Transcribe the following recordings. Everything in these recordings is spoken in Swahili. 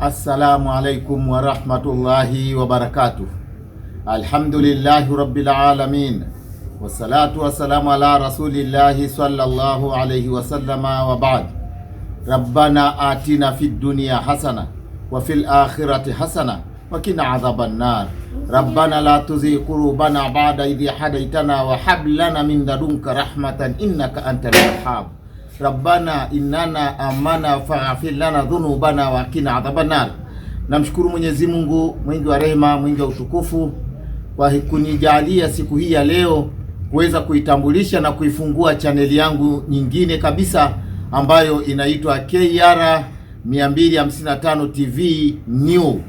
Assalamu alaikum wa rahmatullahi wa barakatuh. Alhamdulillahi rabbil alamin wassalatu wassalamu ala rasulillahi sallallahu alayhi wa sallama wa ba'd. Rabbana atina fid dunya hasana wa fil akhirati hasana wa qina adhaban nar. Rabbana la tuzigh qulubana ba'da idh hadaytana wa hab lana min ladunka rahmatan innaka antal wahhab. rabbana innana amana faghfir lana dhunubana wa qina adhaban nar. Namshukuru Mwenyezi Mungu mwingi wa rehema, mwingi wa utukufu kwa kunijalia siku hii ya leo kuweza kuitambulisha na kuifungua chaneli yangu nyingine kabisa ambayo inaitwa KR 255 TV New.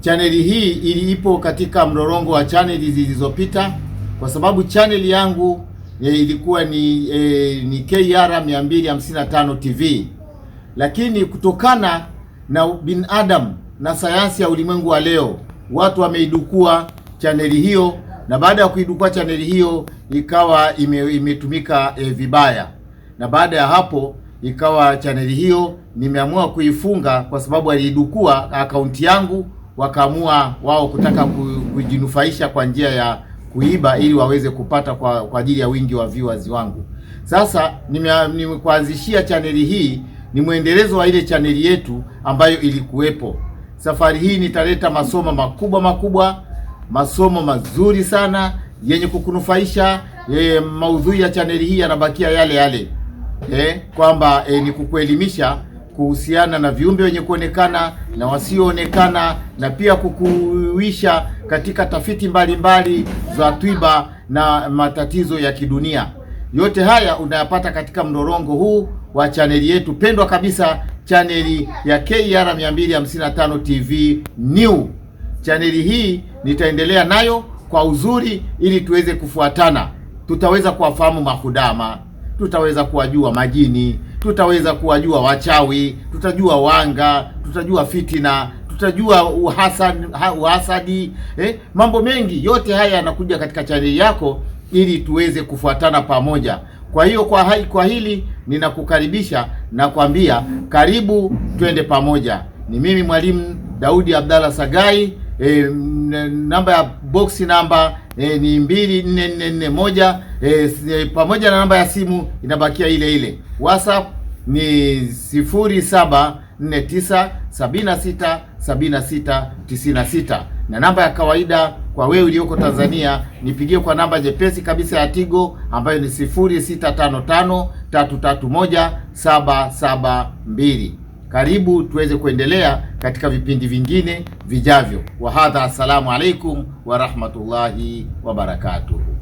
Chaneli hii iliipo katika mlolongo wa chaneli zilizopita, kwa sababu chaneli yangu e, ilikuwa ni e, ni KR 255 TV, lakini kutokana na binadamu na sayansi ya ulimwengu wa leo, watu wameidukua chaneli hiyo, na baada ya kuidukua chaneli hiyo ikawa imetumika ime eh, e, vibaya, na baada ya hapo ikawa chaneli hiyo nimeamua kuifunga kwa sababu aliidukua akaunti yangu, wakaamua wao kutaka kujinufaisha kwa njia ya kuiba ili waweze kupata kwa, kwa ajili ya wingi wa viewers wangu. Sasa nimekuanzishia chaneli hii, ni mwendelezo wa ile chaneli yetu ambayo ilikuwepo. Safari hii nitaleta masomo makubwa makubwa, masomo mazuri sana yenye kukunufaisha. E, maudhui ya chaneli hii yanabakia yale yale, e, kwamba e, ni kukuelimisha kuhusiana na viumbe wenye kuonekana na wasioonekana na pia kukuisha katika tafiti mbalimbali mbali za twiba na matatizo ya kidunia. Yote haya unayapata katika mdorongo huu wa chaneli yetu pendwa kabisa, chaneli ya KR 255 TV New. Chaneli hii nitaendelea nayo kwa uzuri, ili tuweze kufuatana. Tutaweza kuwafahamu mahudama, tutaweza kuwajua majini tutaweza kuwajua wachawi, tutajua wanga, tutajua fitina, tutajua uhasad, uhasadi eh, mambo mengi. Yote haya yanakuja katika chaneli yako ili tuweze kufuatana pamoja. Kwa hiyo kwa hai, kwa hili ninakukaribisha na kuambia karibu, twende pamoja. Ni mimi mwalimu Daudi Abdalla Sagai. E, namba ya box namba e, ni mbili nne nne nne moja e, pamoja na namba ya simu inabakia ile ile WhatsApp ni 0749767696 na namba ya kawaida kwa wewe ulioko Tanzania nipigie kwa namba jepesi kabisa ya Tigo ambayo ni 0655331772. Karibu tuweze kuendelea katika vipindi vingine vijavyo. Wahadha, assalamu alaikum warahmatullahi wabarakatuh.